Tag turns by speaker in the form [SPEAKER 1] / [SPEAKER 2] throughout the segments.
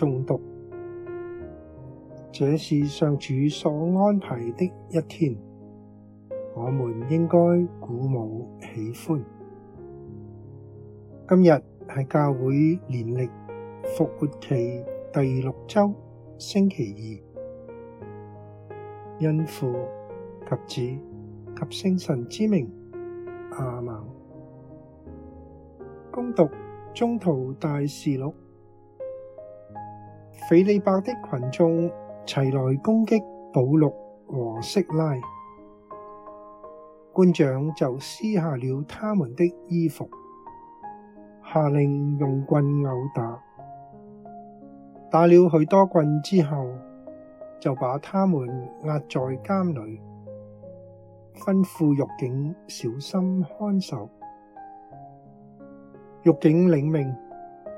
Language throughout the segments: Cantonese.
[SPEAKER 1] 中毒，這是上主所安排的一天，我們應該鼓舞喜歡。今日係教會年曆復活期第六週星期二，因父及子及聖神之名，阿們。恭讀宗徒大事錄。斐理伯的群眾齊來攻擊保祿和息拉，官長就撕下了他們的衣服，下令用棍毆打。打了許多棍之後，就把他們押在監裏，吩咐獄警小心看守。獄警領命，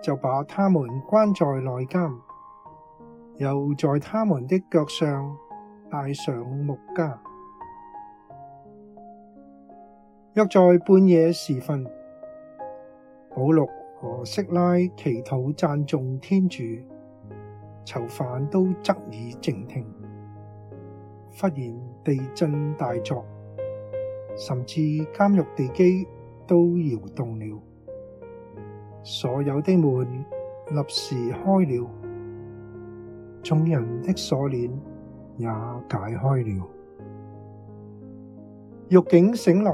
[SPEAKER 1] 就把他們關在內監。又在他們的腳上帶上木枷。約在半夜時分，保祿和息拉祈禱讚頌天主，囚犯都側耳靜聽。忽然地震大作，甚至監獄地基都搖動了，所有的門立時開了。眾人的鎖鏈也解開了，獄警醒來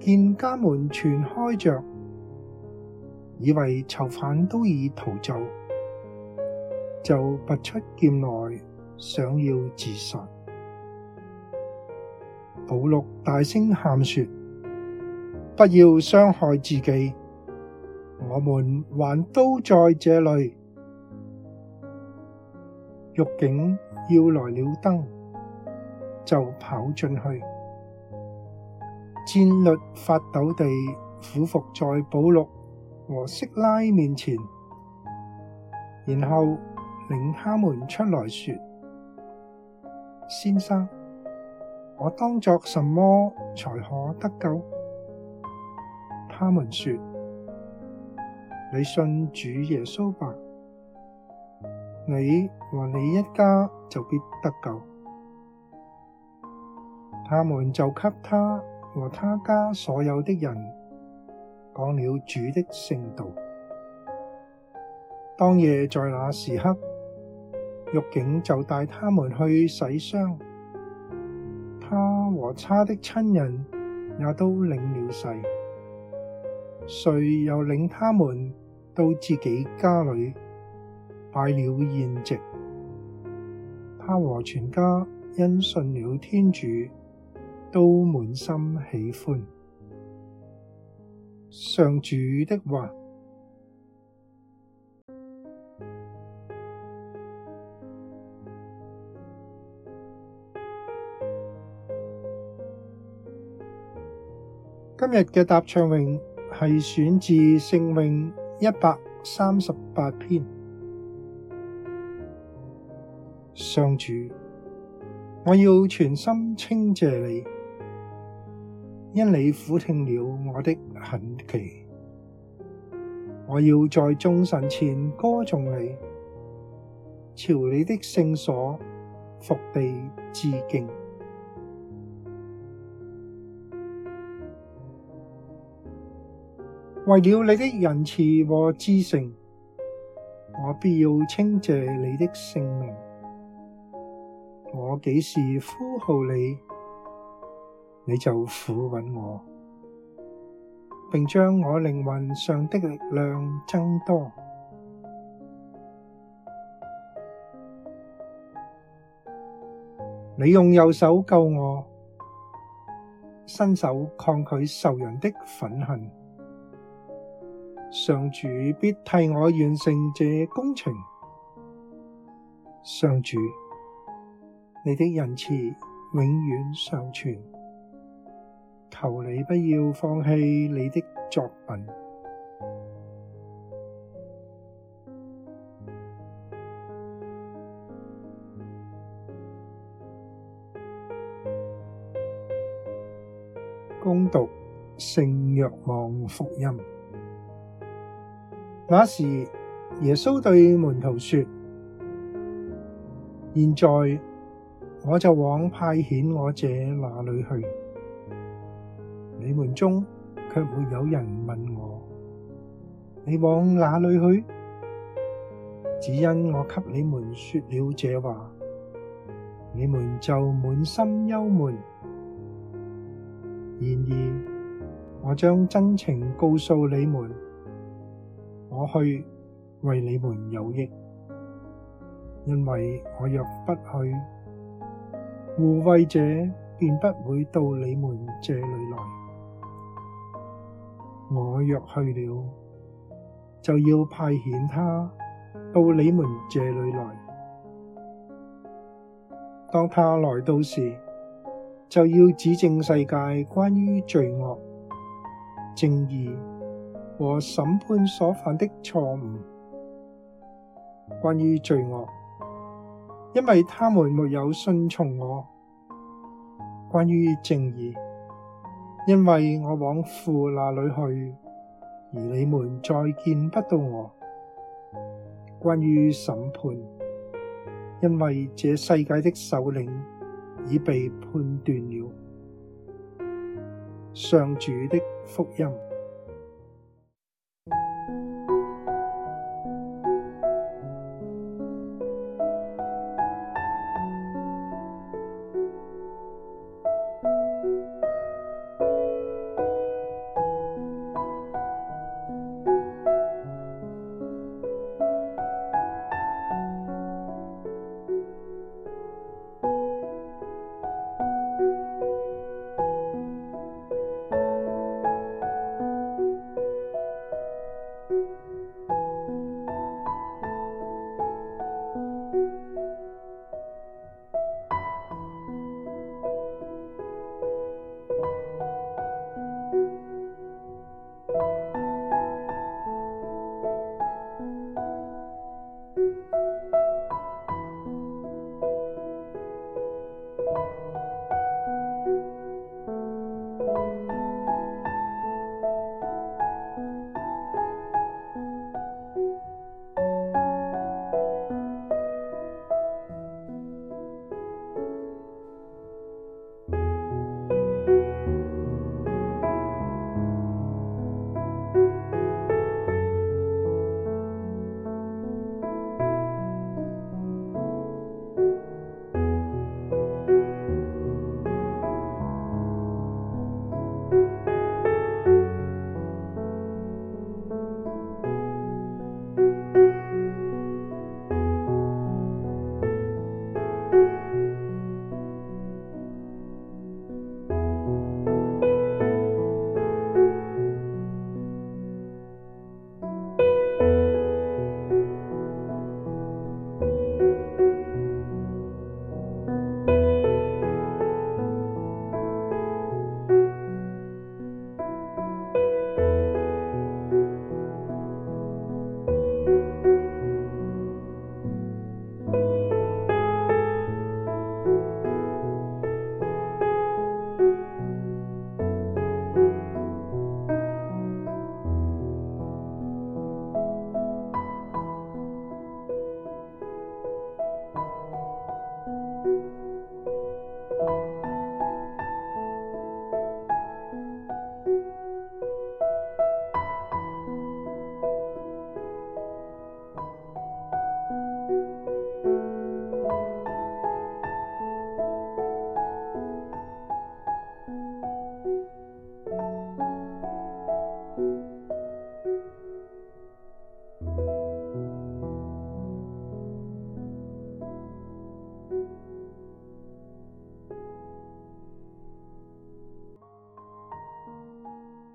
[SPEAKER 1] 見，監門全開着，以為囚犯都已逃走，就拔出劍來想要自殺。保祿大聲喊說：不要傷害自己，我們還都在這裏。獄警要來了燈，就跑進去，戰栗發抖地俯伏在保祿和息拉面前，然後領他們出來說：先生，我當作什麼才可得救？他們說：你信主耶穌吧。你和你一家就必得救。他們就給他和他家所有的人，講了主的聖道。當夜在那時刻，獄警就帶他們去洗傷。他和他的親人也都領了洗。遂又領他們到自己家裏。擺了宴席，他和全家因信了天主，都滿心喜歡。上主的話。今日嘅答唱詠係選自聖詠一百三十八篇。上主，我要全心稱謝你，因你俯聽了我的懇祈。我要在眾神前歌頌你，朝你的聖所伏地致敬。為了你的仁慈和至誠，我必要稱謝你的聖名。我幾時呼號你，你就俯允我，並將我靈魂上的力量增多。你用右手救我，伸手抗拒仇人的憤恨。上主必替我完成這工程。上主。你的仁慈永遠常存，求你不要放棄你的作品。恭讀聖若望福音，那時耶穌對門徒說：現在。我就往派遣我者那裏去，你們中却沒有人問我：你往哪裏去？只因我給你們說了這話，你們就滿心憂悶。然而，我將真情告訴你們，我去為你們有益，因為我若不去。護慰者便不會到你們這裏來。我若去了，就要派遣他到你們這裏來。當他來到時，就要指證世界關於罪惡、正義和審判所犯的錯誤，關於罪惡。因為他們沒有信從我。關於正義，因為我往父那裏去，而你們再見不到我。關於審判，因為這世界的首領已被判斷了。上主的福音。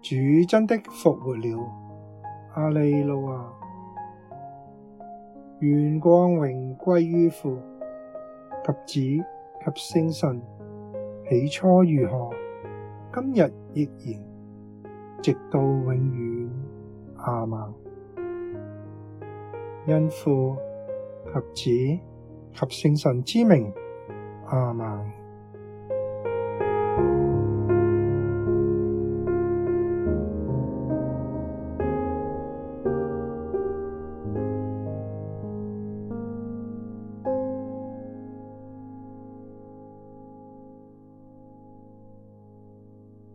[SPEAKER 1] 主真的復活了，阿利路亞！願光榮歸於父及子及聖神，起初如何，今日亦然，直到永遠，阿們。因父及子及聖神之名，阿們。